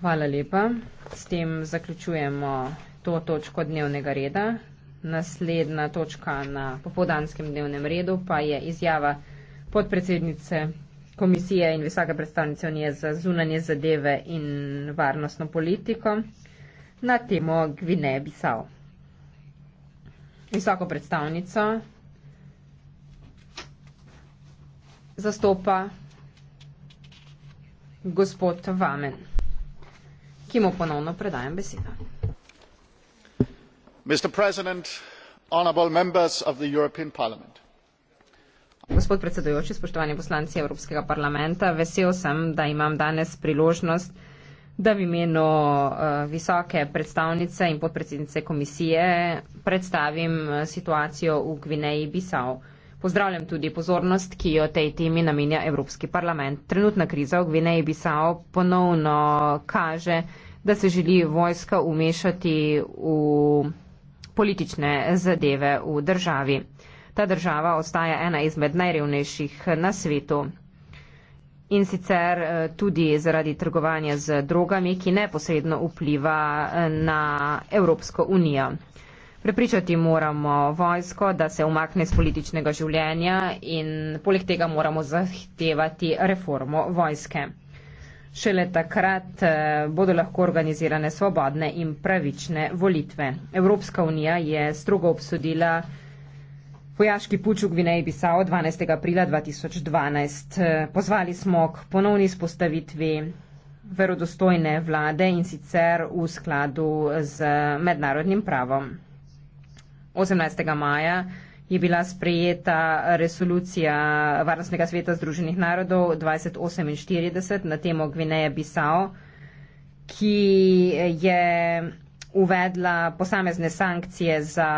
Hvala lepa. S tem zaključujemo to točko dnevnega reda. Naslednja točka na popodanskem dnevnem redu pa je izjava podpredsednice komisije in visoke predstavnice Unije za zunanje zadeve in varnostno politiko na temo Gvineje Bisao. Visoko predstavnico zastopa gospod Vamen ki mu ponovno predajam besedo. gospod predsedujoči spoštovani poslanci evropskega parlamenta vesel sem da imam danes priložnost da v imenu eh, visoke predstavnice in podpredsednice komisije predstavim eh, situacijo v gvineji bisau. Pozdravljam tudi pozornost, ki jo tej temi namenja Evropski parlament. Trenutna kriza v Gvineji Bisao ponovno kaže, da se želi vojska umešati v politične zadeve v državi. Ta država ostaja ena izmed najrevnejših na svetu. In sicer eh, tudi zaradi trgovanja z drogami, ki neposredno vpliva eh, na Evropsko unijo. Prepričati moramo vojsko, da se umakne z političnega življenja in poleg tega moramo zahtevati reformo vojske. Šele takrat eh, bodo lahko organizirane svobodne in pravične volitve. Evropska unija je strogo obsodila vojaški puč v Gvineji Bisao 12. aprila 2012. Eh, pozvali smo k ponovni spostavitvi verodostojne vlade in sicer v skladu z mednarodnim pravom. 18. maja je bila sprejeta resolucija Varnostnega sveta Združenih narodov 2048 na temo Gvineja Bisao, ki je uvedla posamezne sankcije za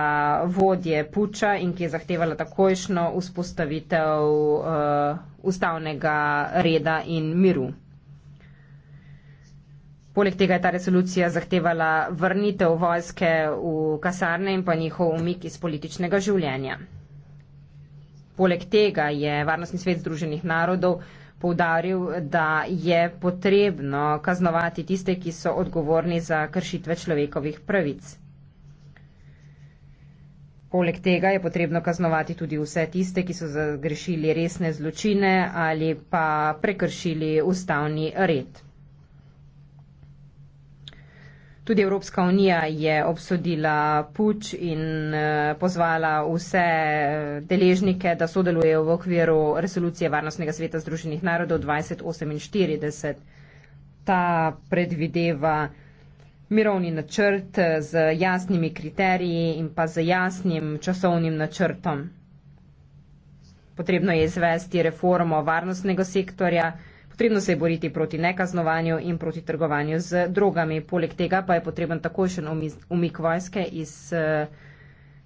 vodje Puča in ki je zahtevala takojšno vzpostavitev uh, ustavnega reda in miru. Poleg tega je ta resolucija zahtevala vrnitev vojske v kasarne in pa njihov umik iz političnega življenja. Poleg tega je Varnostni svet Združenih narodov povdaril, da je potrebno kaznovati tiste, ki so odgovorni za kršitve človekovih pravic. Poleg tega je potrebno kaznovati tudi vse tiste, ki so zagrešili resne zločine ali pa prekršili ustavni red. Tudi Evropska unija je obsodila puč in eh, pozvala vse eh, deležnike, da sodelujejo v okviru resolucije Varnostnega sveta Združenih narodov 2048. Ta predvideva mirovni načrt eh, z jasnimi kriteriji in pa z jasnim časovnim načrtom. Potrebno je izvesti reformo varnostnega sektorja. Potrebno se je boriti proti nekaznovanju in proti trgovanju z drogami. Poleg tega pa je potreben takojšen umik vojske iz eh,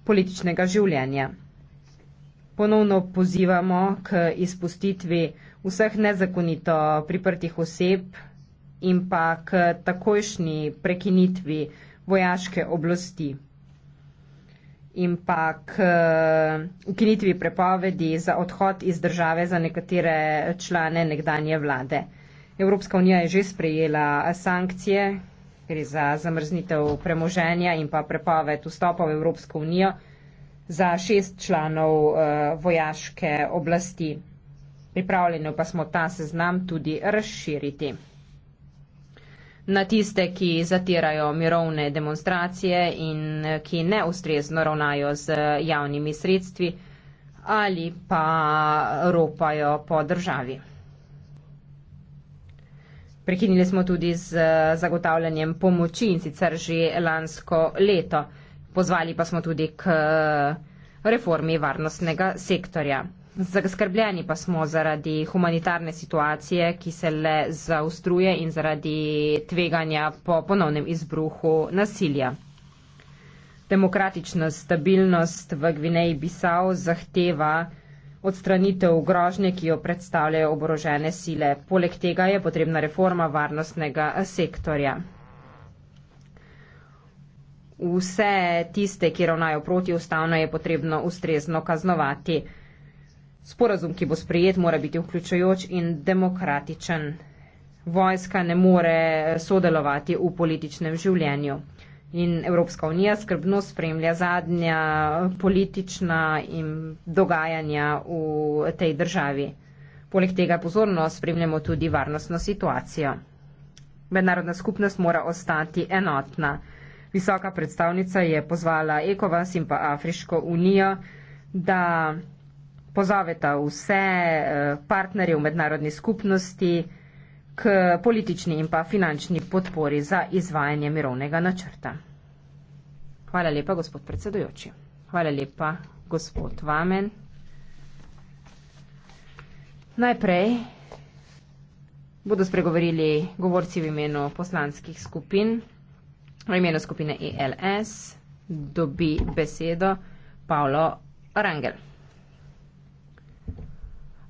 političnega življenja. Ponovno pozivamo k izpustitvi vseh nezakonito priprtih oseb in pa k takojšnji prekinitvi vojaške oblasti in pa k eh, ukinitvi prepovedi za odhod iz države za nekatere člane nekdanje vlade. Evropska unija je že sprejela sankcije, gre za zamrznitev premoženja in pa prepoved vstopa v Evropsko unijo za šest članov eh, vojaške oblasti. Pripravljeni pa smo ta seznam tudi razširiti na tiste, ki zatirajo mirovne demonstracije in eh, ki neustrezno ravnajo z eh, javnimi sredstvi ali pa ropajo po državi. Prekinili smo tudi z eh, zagotavljanjem pomoči in sicer že lansko leto. Pozvali pa smo tudi k reformi varnostnega sektorja zaskrbljeni pa smo zaradi humanitarne situacije, ki se le zaustruje in zaradi tveganja po ponovnem izbruhu nasilja. Demokratična stabilnost v Gvineji Bisao zahteva odstranitev grožnje, ki jo predstavljajo oborožene sile. Poleg tega je potrebna reforma varnostnega sektorja. Vse tiste, ki ravnajo proti ustavno, je potrebno ustrezno kaznovati. Sporazum, ki bo sprejet, mora biti vključujoč in demokratičen. Vojska ne more eh, sodelovati v političnem življenju. In Evropska unija skrbno spremlja zadnja eh, politična in dogajanja v eh, tej državi. Poleg tega pozorno spremljamo tudi varnostno situacijo. Mednarodna skupnost mora ostati enotna. Visoka predstavnica je pozvala ECOVAS in pa Afriško unijo, da pozoveta vse eh, partnerje v mednarodni skupnosti k politični in pa finančni podpori za izvajanje mirovnega načrta. Hvala lepa, gospod predsedujoči. Hvala lepa, gospod Vamen. Najprej bodo spregovorili govorci v imenu poslanskih skupin. V imenu skupine ELS dobi besedo Paolo Rangel.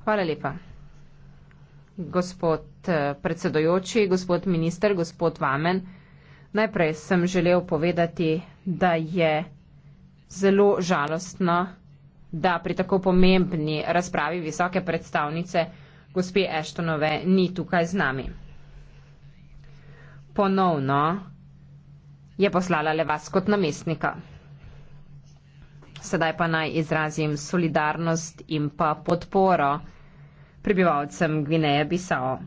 Hvala lepa. Gospod eh, predsedojoči, gospod minister, gospod Vamen, najprej sem želel povedati, da je zelo žalostno, da pri tako pomembni razpravi visoke predstavnice gospe Eštonove ni tukaj z nami. Ponovno je poslala le vas kot namestnika. Sedaj pa naj izrazim solidarnost in pa podporo prebivalcem Gvineje Bisao.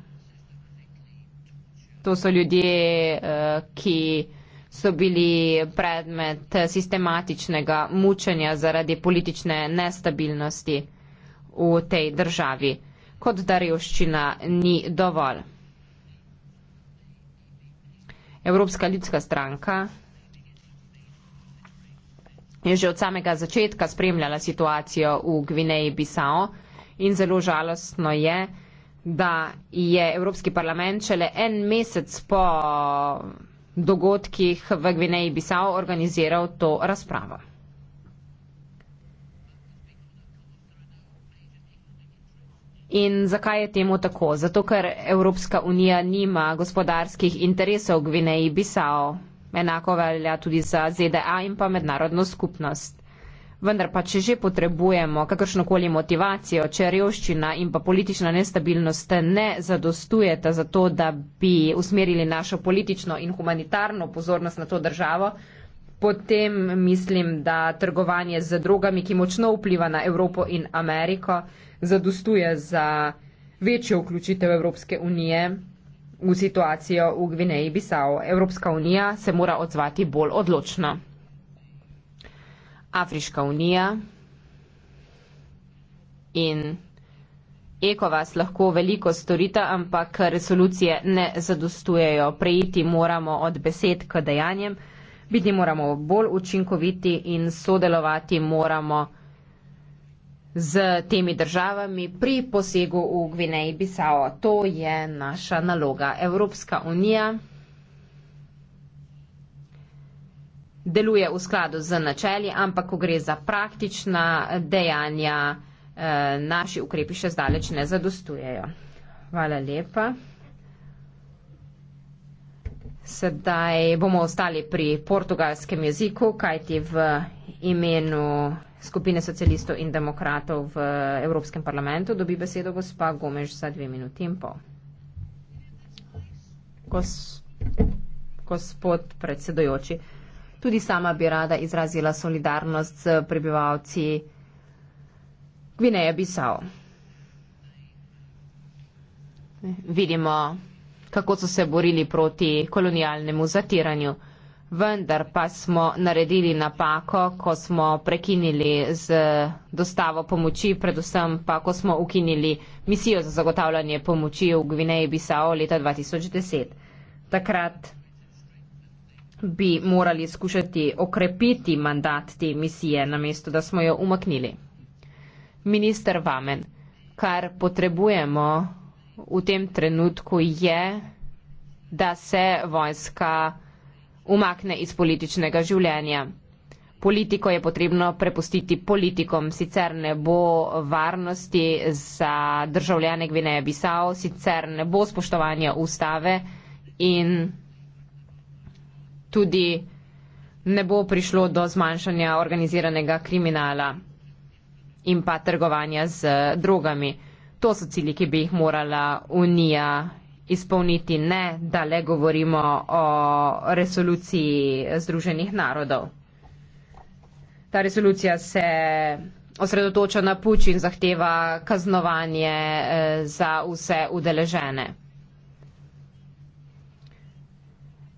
To so ljudje, eh, ki so bili predmet sistematičnega mučenja zaradi politične nestabilnosti v tej državi, kot da revščina ni dovolj. Evropska ljudska stranka je že od samega začetka spremljala situacijo v Gvineji Bisao in zelo žalostno je, da je Evropski parlament šele en mesec po dogodkih v Gvineji Bisao organiziral to razpravo. In zakaj je temu tako? Zato, ker Evropska unija nima gospodarskih interesov v Gvineji Bisao. Enako velja tudi za ZDA in pa mednarodno skupnost vendar pa če že potrebujemo kakršnokoli motivacijo, če revščina in pa politična nestabilnost ne zadostujeta za to, da bi usmerili našo politično in humanitarno pozornost na to državo, potem mislim, da trgovanje z drogami, ki močno vpliva na Evropo in Ameriko, zadostuje za večjo vključitev Evropske unije v situacijo v Gvineji Bisao. Evropska unija se mora odzvati bolj odločno. Afriška unija in ECOVAS lahko veliko storita, ampak resolucije ne zadostujejo. Prejiti moramo od besed k dejanjem, biti moramo bolj učinkoviti in sodelovati moramo z temi državami pri posegu v Gvineji Bisao. To je naša naloga. Evropska unija. deluje v skladu z načeli, ampak ko gre za praktična dejanja, eh, naši ukrepi še zdaleč ne zadostujejo. Hvala lepa. Sedaj bomo ostali pri portugalskem jeziku, kajti v imenu skupine socialistov in demokratov v Evropskem parlamentu dobi besedo gospa Gomež za dve minuti in pol. Gos, gospod predsedojoči. Tudi sama bi rada izrazila solidarnost z prebivalci Gvineje Bisao. Vidimo, kako so se borili proti kolonialnemu zatiranju, vendar pa smo naredili napako, ko smo prekinili z dostavo pomoči, predvsem pa, ko smo ukinili misijo za zagotavljanje pomoči v Gvineji Bisao leta 2010. Takrat bi morali skušati okrepiti mandat te misije, namesto da smo jo umaknili. Minister Vamen, kar potrebujemo v tem trenutku je, da se vojska umakne iz političnega življenja. Politiko je potrebno prepustiti politikom, sicer ne bo varnosti za državljane Gvineje Bisao, sicer ne bo spoštovanja ustave in tudi ne bo prišlo do zmanjšanja organiziranega kriminala in pa trgovanja z eh, drogami. To so cilji, ki bi jih morala Unija izpolniti, ne da le govorimo o resoluciji Združenih narodov. Ta resolucija se osredotoča na puč in zahteva kaznovanje eh, za vse udeležene.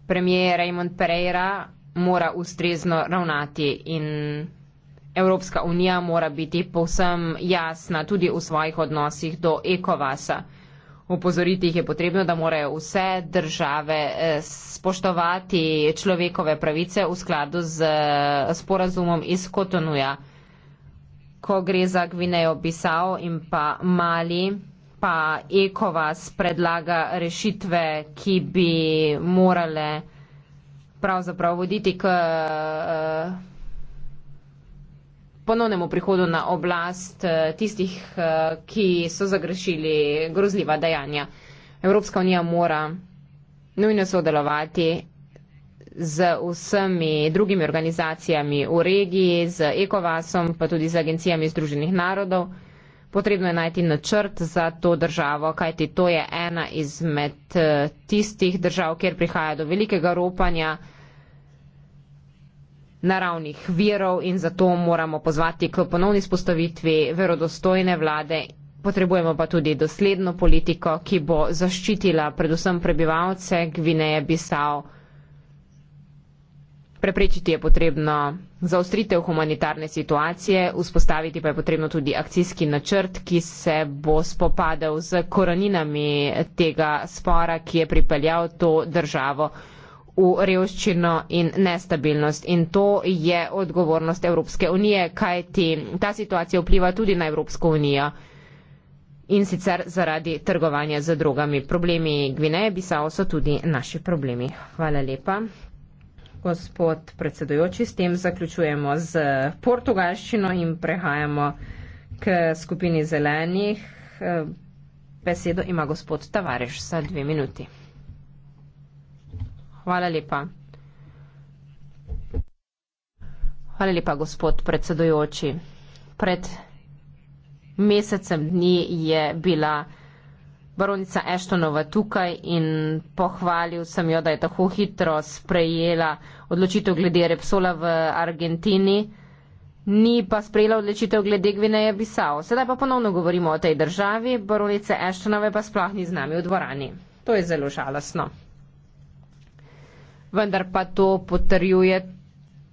premijer Raymond Pereira mora ustrezno ravnati in Evropska unija mora biti povsem jasna tudi v svojih odnosih do ekovasa. Upozoriti jih je potrebno, da morajo vse države eh, spoštovati človekove pravice v skladu z eh, sporazumom iz Kotonuja. Ko gre za Gvinejo, Bisao in pa Mali, pa Ekovas predlaga rešitve, ki bi morale pravzaprav voditi k eh, ponovnemu prihodu na oblast eh, tistih, eh, ki so zagrešili grozljiva dejanja. Evropska unija mora nujno sodelovati z vsemi drugimi organizacijami v regiji, z Ekovasom, pa tudi z agencijami Združenih narodov potrebno je najti načrt za to državo, kajti to je ena izmed eh, tistih držav, kjer prihaja do velikega ropanja naravnih virov in zato moramo pozvati k ponovni spostavitvi verodostojne vlade. Potrebujemo pa tudi dosledno politiko, ki bo zaščitila predvsem prebivalce Gvineje Bisao. Preprečiti je potrebno zaostritev humanitarne situacije, vzpostaviti pa je potrebno tudi akcijski načrt, ki se bo spopadal z koreninami tega spora, ki je pripeljal to državo v revščino in nestabilnost. In to je odgovornost Evropske unije, kajti ta situacija vpliva tudi na Evropsko unijo in sicer zaradi trgovanja z drogami. Problemi Gvineje, Bisao so tudi naši problemi. Hvala lepa gospod predsedojoči, s tem zaključujemo z portugalščino in prehajamo k skupini zelenih. Eh, besedo ima gospod Tavareš za dve minuti. Hvala lepa. Hvala lepa, gospod predsedojoči. Pred mesecem dni je bila baronica Eštonova tukaj in pohvalil sem jo, da je tako hitro sprejela odločitev glede Repsola v Argentini, ni pa sprejela odločitev glede Gvineje Bisao. Sedaj pa ponovno govorimo o tej državi, baronice Eštonove pa sploh ni z nami v dvorani. To je zelo žalostno. Vendar pa to potrjuje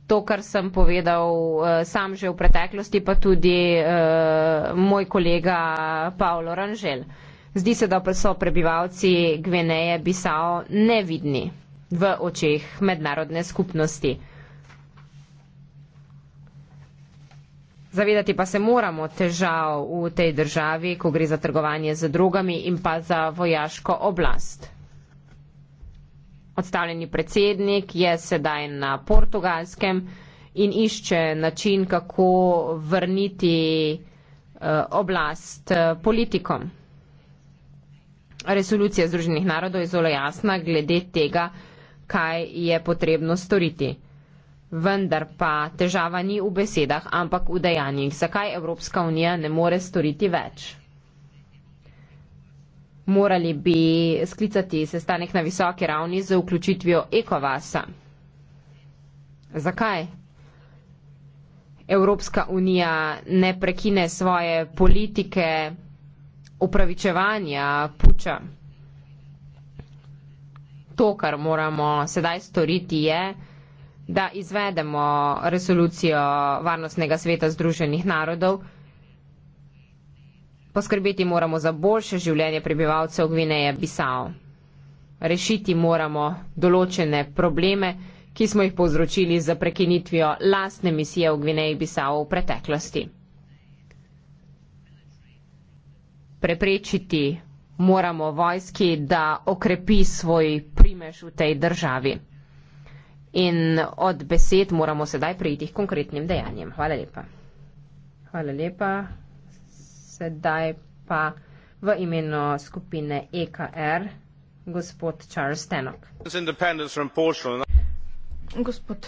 to, kar sem povedal uh, sam že v preteklosti, pa tudi uh, moj kolega Paolo Ranžel. Uh, Zdi se, da pa so prebivalci Gveneje Bisao nevidni v očeh mednarodne skupnosti. Zavedati pa se moramo težav v tej državi, ko gre za trgovanje z drugami in pa za vojaško oblast. Odstavljeni predsednik je sedaj na portugalskem in išče način, kako vrniti eh, oblast eh, politikom resolucija Združenih narodov je zelo jasna glede tega, kaj je potrebno storiti. Vendar pa težava ni v besedah, ampak v dejanjih. Zakaj Evropska unija ne more storiti več? Morali bi sklicati sestanek na visoki ravni z vključitvijo ekovasa. Zakaj? Evropska unija ne prekine svoje politike upravičevanja puča. To, kar moramo sedaj storiti, je, da izvedemo resolucijo Varnostnega sveta Združenih narodov. Poskrbeti moramo za boljše življenje prebivalcev Gvineje Bisao. Rešiti moramo določene probleme, ki smo jih povzročili za prekinitvijo lastne misije v Gvineji Bisao v preteklosti. preprečiti moramo vojski, da okrepi svoj primež v tej državi. In od besed moramo sedaj prijeti k konkretnim dejanjem. Hvala lepa. Hvala lepa. Sedaj pa v imenu skupine EKR gospod Charles Tenok. Gospod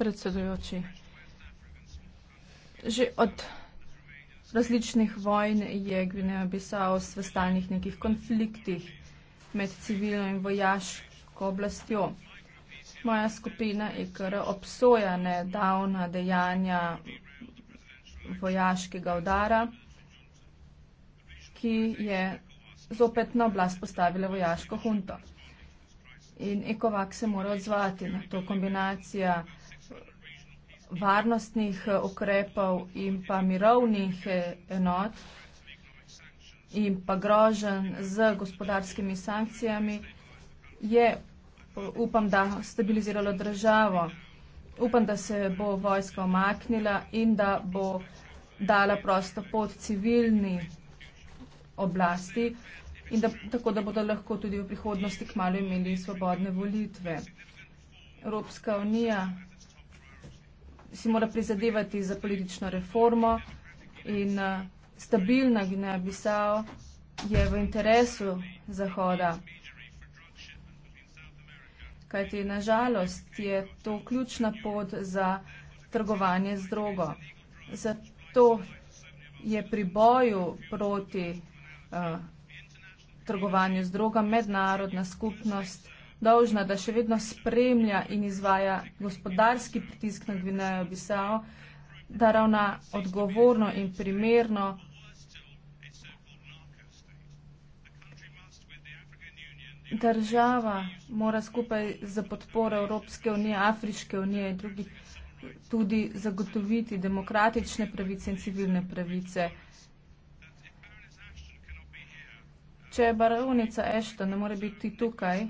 predsedujoči, že od različnih vojn je Gvineja Bisao v stalnih nekih konfliktih med civilno in vojaško oblastjo. Moja skupina je kar obsoja nedavna dejanja vojaškega udara, ki je zopet na oblast postavila vojaško hunto. In ekovak se mora odzvati na to kombinacijo varnostnih eh, ukrepov in pa mirovnih eh, enot in pa grožen z gospodarskimi sankcijami, je, eh, upam, da stabiliziralo državo. Upam, da se bo vojska omaknila in da bo dala prosto pod civilni oblasti in da, tako, da bodo lahko tudi v prihodnosti kmalo imeli svobodne volitve. Evropska unija si mora prizadevati za politično reformo in eh, stabilna Gineja Bisao je v interesu Zahoda. Kajti nažalost je to ključna pot za trgovanje z drogo. Zato je pri boju proti uh, trgovanju z drogo mednarodna skupnost dolžna, da še vedno spremlja in izvaja gospodarski pritisk na Gvinejo Bisao, da ravna odgovorno in primerno. Država mora skupaj za podporo Evropske unije, Afriške unije in drugih tudi zagotoviti demokratične pravice in civilne pravice. Če je baronica Ešta ne more biti tukaj,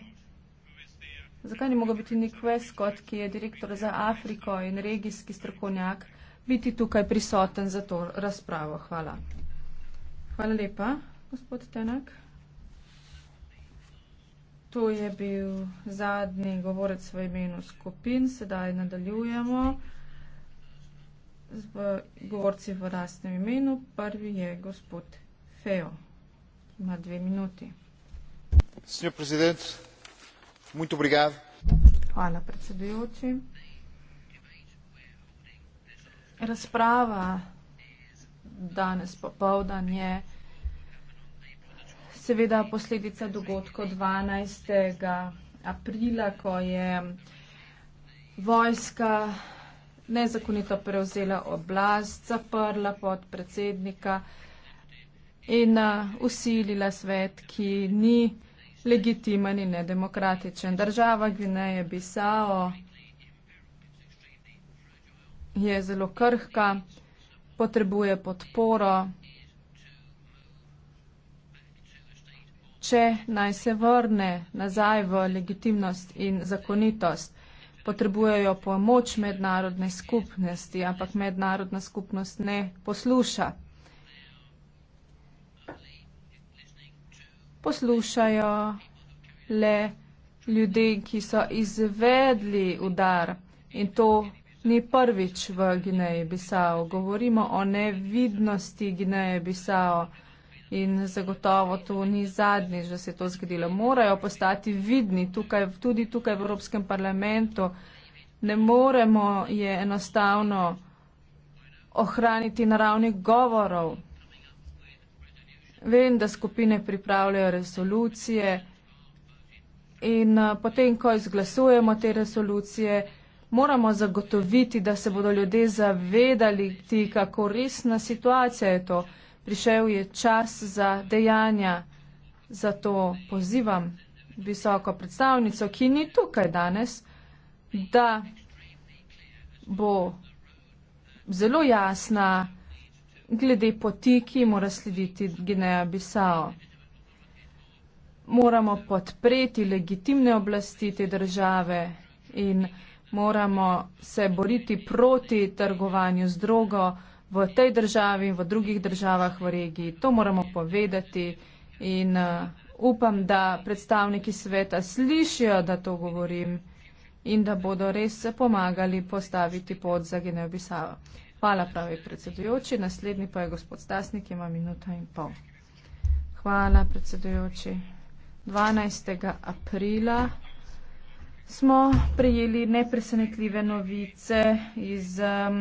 Zakaj ni mogel biti Nik Veskot, ki je direktor za Afriko in regijski strokovnjak, biti tukaj prisoten za to razpravo? Hvala. Hvala lepa, gospod Tenak. To je bil zadnji govorec v imenu skupin. Sedaj nadaljujemo z govorci v lastnem imenu. Prvi je gospod Fejo. Ima dve minuti. Gospod predsednik, Muito obrigado. Hvala, predsedujoči. Razprava danes popovdan je seveda posledica dogodkov 12. aprila, ko je vojska nezakonito prevzela oblast, zaprla podpredsednika in usilila uh, svet, ki ni legitimen in nedemokratičen. Država Gvineje Bisao je zelo krhka, potrebuje podporo. Če naj se vrne nazaj v legitimnost in zakonitost, potrebujejo pomoč mednarodne skupnosti, ampak mednarodna skupnost ne posluša. poslušajo le ljudi, ki so izvedli udar. In to ni prvič v Gineji Bisao. Govorimo o nevidnosti Gineje Bisao. In zagotovo to ni zadnji, že se je to zgodilo. Morajo postati vidni tukaj, tudi tukaj v Evropskem parlamentu. Ne moremo je enostavno ohraniti naravnih govorov. Vem, da skupine pripravljajo resolucije in eh, potem, ko izglasujemo te resolucije, moramo zagotoviti, da se bodo ljudje zavedali, ti, kako resna situacija je to. Prišel je čas za dejanja, zato pozivam visoko predstavnico, ki ni tukaj danes, da bo zelo jasna, glede poti, ki mora slediti Gineja-Bisao. Moramo podpreti legitimne oblasti te države in moramo se boriti proti trgovanju z drogo v tej državi in v drugih državah v regiji. To moramo povedati in uh, upam, da predstavniki sveta slišijo, da to govorim in da bodo res pomagali postaviti pod za Gineja-Bisao. Hvala, pravi predsedujoči. Naslednji pa je gospod Stasnik, ima minuto in pol. Hvala, predsedujoči. 12. aprila smo prejeli nepresenetljive novice iz um,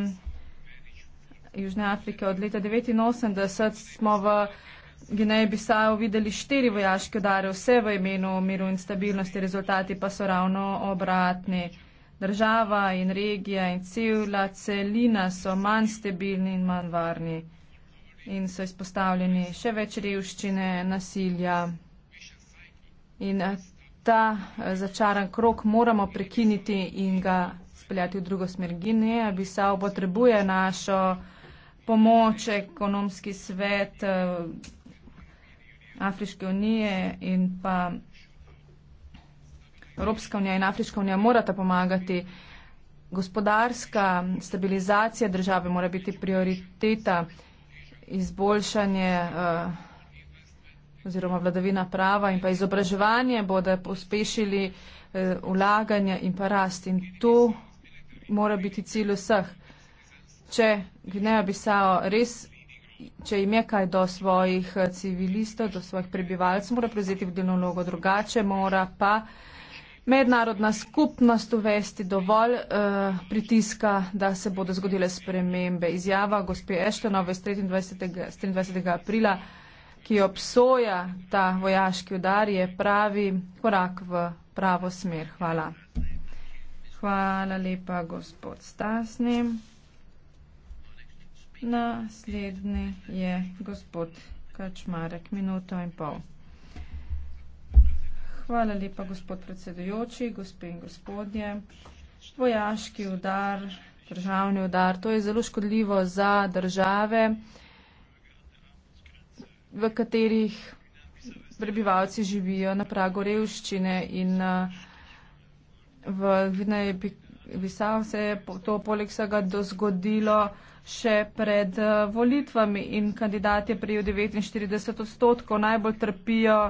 Južne Afrike. Od leta 1989 smo v Gineji Bisao videli štiri vojaške udare, vse v imenu miru in stabilnosti, rezultati pa so ravno obratni država in regija in celula celina so manj stabilni in manj varni in so izpostavljeni še več revščine, nasilja. In eh, ta eh, začaran krok moramo prekiniti in ga speljati v drugo smer. Gineja Bisao potrebuje našo pomoč, ekonomski svet eh, Afriške unije in pa Evropska unija in Afriška unija morata pomagati. Gospodarska stabilizacija države mora biti prioriteta, izboljšanje eh, oziroma vladavina prava in pa izobraževanje bodo pospešili vlaganje eh, in pa rast. In to mora biti cilj vseh. Če Gvineja Bisao res, če im je kaj do svojih eh, civilistov, do svojih prebivalcev, mora prevzeti vodilno vlogo, drugače mora pa mednarodna skupnost uvesti dovolj uh, pritiska, da se bodo zgodile spremembe. Izjava gospe Ešlenove z 23. 23. aprila, ki obsoja ta vojaški udar, je pravi korak v pravo smer. Hvala. Hvala lepa, gospod Stasni. Naslednji je gospod Kačmarek, minuto in pol. Hvala lepa, gospod predsedujoči, gospe in gospodje. Vojaški udar, državni udar, to je zelo škodljivo za države, v katerih prebivalci živijo na pragu revščine in eh, v Gvineji bi, bi sam se je to poleg vsega dozgodilo še pred eh, volitvami in kandidat je prijel 49 odstotkov, najbolj trpijo.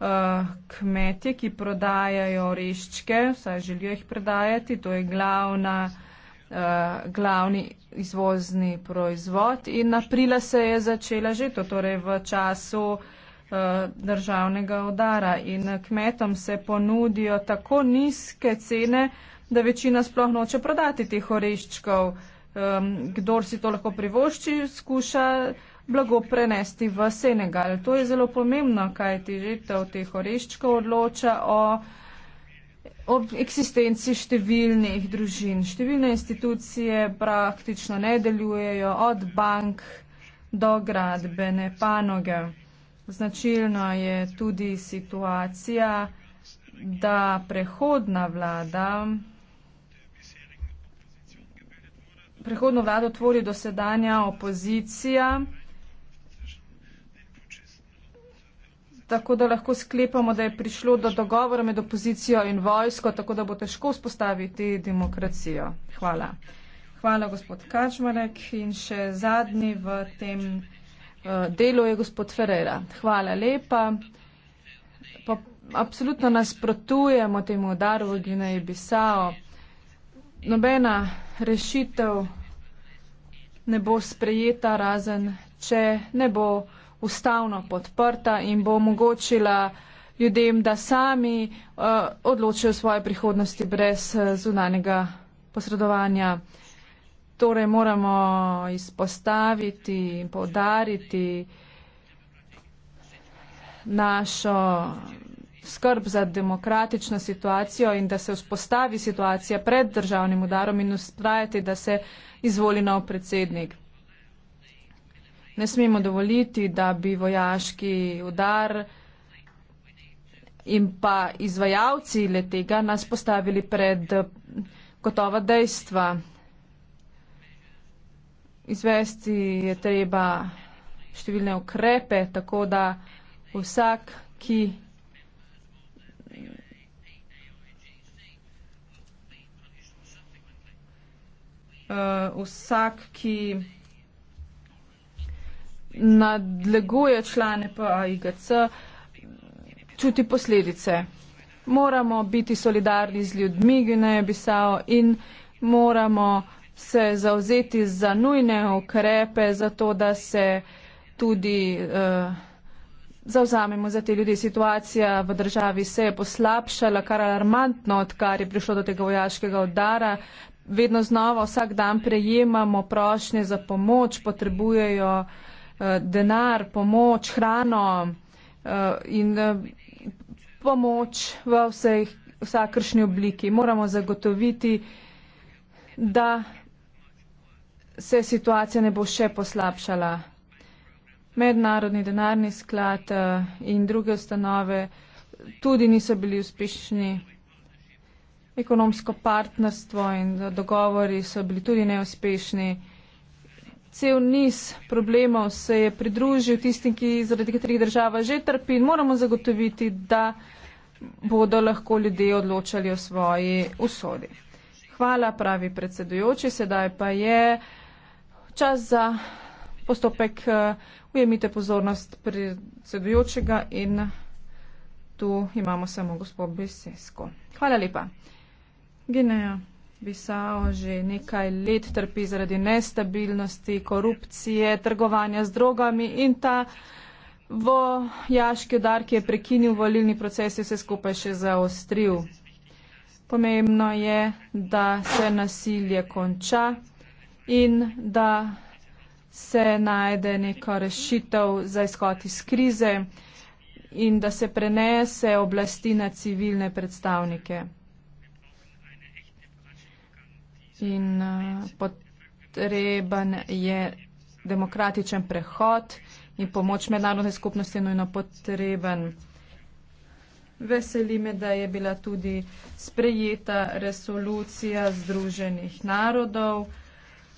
Eh, kmetje, ki prodajajo reščke, vsaj želijo jih prodajati, to je glavna, uh, glavni izvozni proizvod in aprila se je začela že to, torej v času uh, državnega udara in kmetom se ponudijo tako nizke cene, da večina sploh noče prodati teh oreščkov. Um, kdor si to lahko privošči, skuša blago prenesti v Senegal. To je zelo pomembno, kaj ti žitev teh oreščkov odloča o, o eksistenci številnih družin. Številne institucije praktično ne delujejo od bank do gradbene panoge. Značilna je tudi situacija, da prehodna vlada, prehodno vlado tvori dosedanja opozicija. tako da lahko sklepamo, da je prišlo do dogovora med opozicijo in vojsko, tako da bo težko vzpostaviti demokracijo. Hvala. Hvala, gospod Kačmarek. In še zadnji v tem uh, delu je gospod Ferreira. Hvala lepa. Pa, absolutno nasprotujemo temu udaru v Gineji Bisao. Nobena rešitev ne bo sprejeta, razen če ne bo ustavno podprta in bo omogočila ljudem, da sami uh, odločijo svoje prihodnosti brez uh, zunanjega posredovanja. Torej moramo izpostaviti in podariti našo skrb za demokratično situacijo in da se vzpostavi situacija pred državnim udarom in ustrajati, da se izvoli nov predsednik ne smemo dovoliti, da bi vojaški udar in pa izvajalci letega nas postavili pred eh, gotova dejstva. Izvesti je treba številne ukrepe, tako da vsak, ki uh, vsak, ki nadleguje člane PAIGC, čuti posledice. Moramo biti solidarni z ljudmi Gineje-Bisao in moramo se zauzeti za nujne ukrepe, zato da se tudi uh, eh, zauzamemo za te ljudi. Situacija v državi se je poslabšala kar alarmantno, odkar je prišlo do tega vojaškega udara. Vedno znova, vsak dan prejemamo prošnje za pomoč, potrebujejo uh, Eh, denar, pomoč, hrano eh, in eh, pomoč v vsej, vsakršni obliki. Moramo zagotoviti, da se situacija ne bo še poslabšala. Mednarodni denarni sklad in druge ustanove tudi niso bili uspešni. Ekonomsko partnerstvo in dogovori so bili tudi neuspešni cel niz problemov se je pridružil tistim, ki zaradi katerih država že trpi in moramo zagotoviti, da bodo lahko ljudje odločali o svoji usodi. Hvala, pravi predsedujoči, sedaj pa je čas za postopek. Eh, ujemite pozornost predsedujočega in tu imamo samo gospod Besesko. Hvala lepa. Gineja. Bisao že nekaj let trpi zaradi nestabilnosti, korupcije, trgovanja z drogami in ta vojaški udar, ki je prekinil volilni proces, je vse skupaj še zaostril. Pomembno je, da se nasilje konča in da se najde neko rešitev za izhod iz krize in da se prenese oblasti na civilne predstavnike in uh, potreben je demokratičen prehod in pomoč mednarodne skupnosti je nujno potreben. Veseli me, da je bila tudi sprejeta resolucija Združenih narodov.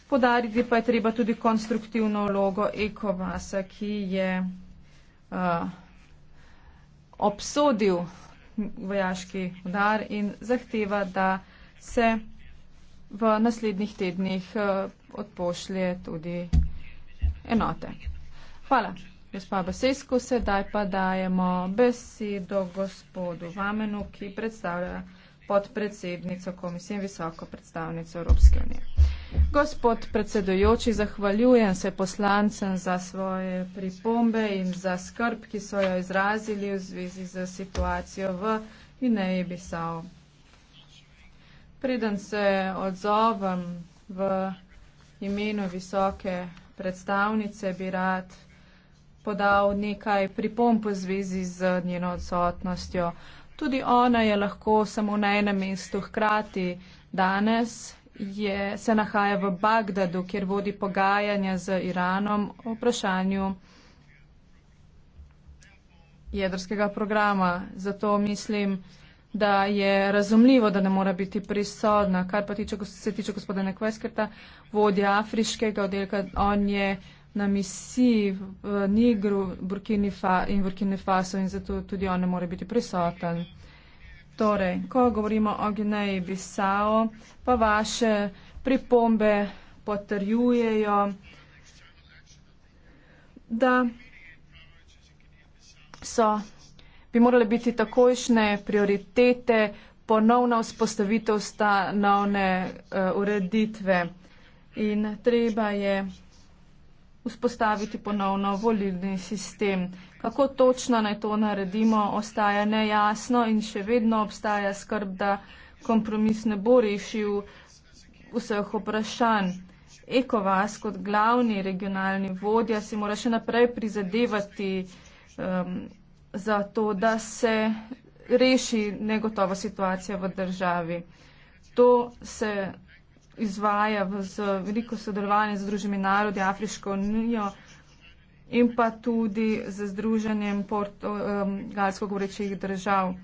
Podariti pa je treba tudi konstruktivno vlogo Ekovasa, ki je uh, obsodil vojaški udar in zahteva, da se v naslednjih tednih eh, odpošlje tudi enote. Hvala. Gospa Basesko, sedaj pa dajemo besedo gospodu Vamenu, ki predstavlja podpredsednico komisije in visoko predstavnico Evropske unije. Gospod predsedujoči, zahvaljujem se poslancem za svoje pripombe in za skrb, ki so jo izrazili v zvezi z situacijo v Gineji Bisao. Preden se odzovem v imenu visoke predstavnice, bi rad podal nekaj pripomp v zvezi z njeno odsotnostjo. Tudi ona je lahko samo na enem mestu hkrati. Danes je, se nahaja v Bagdadu, kjer vodi pogajanja z Iranom o vprašanju jedrskega programa. Zato mislim, da je razumljivo, da ne mora biti prisodna. Kar pa tiče, se tiče gospoda Nekveskrta, vodja afriškega oddelka, on je na misiji v Nigru Burkini Fa, in Burkini Faso in zato tudi on ne more biti prisoten. Torej, ko govorimo o Gineji Bisao, pa vaše pripombe potrjujejo, da so bi morale biti takojšne prioritete ponovna vzpostavitev stanovne eh, ureditve in treba je vzpostaviti ponovno volilni sistem. Kako točno naj to naredimo, ostaja nejasno in še vedno obstaja skrb, da kompromis ne bo rešil vseh vprašanj. Eko vas kot glavni regionalni vodja si mora še naprej prizadevati um, za to, da se reši negotova situacija v državi. To se izvaja z veliko sodelovanja z Združenimi narodi, Afriško unijo in pa tudi z Združenjem portugalsko um, govorečih držav.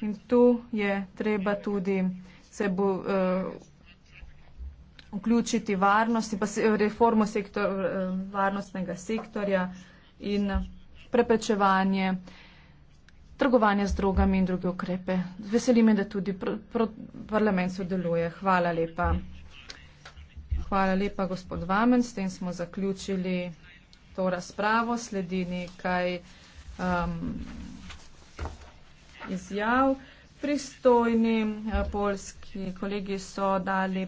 In tu je treba tudi se bo, uh, vključiti varnost in pa se, reformo sektor, uh, varnostnega sektorja in preprečevanje uh, trgovanje z drogami in druge ukrepe. Veseli me, da tudi pr pr parlament sodeluje. Hvala lepa. Hvala lepa, gospod Vamen. S tem smo zaključili to razpravo. Sledi nekaj um, izjav. Pristojni eh, polski kolegi so dali.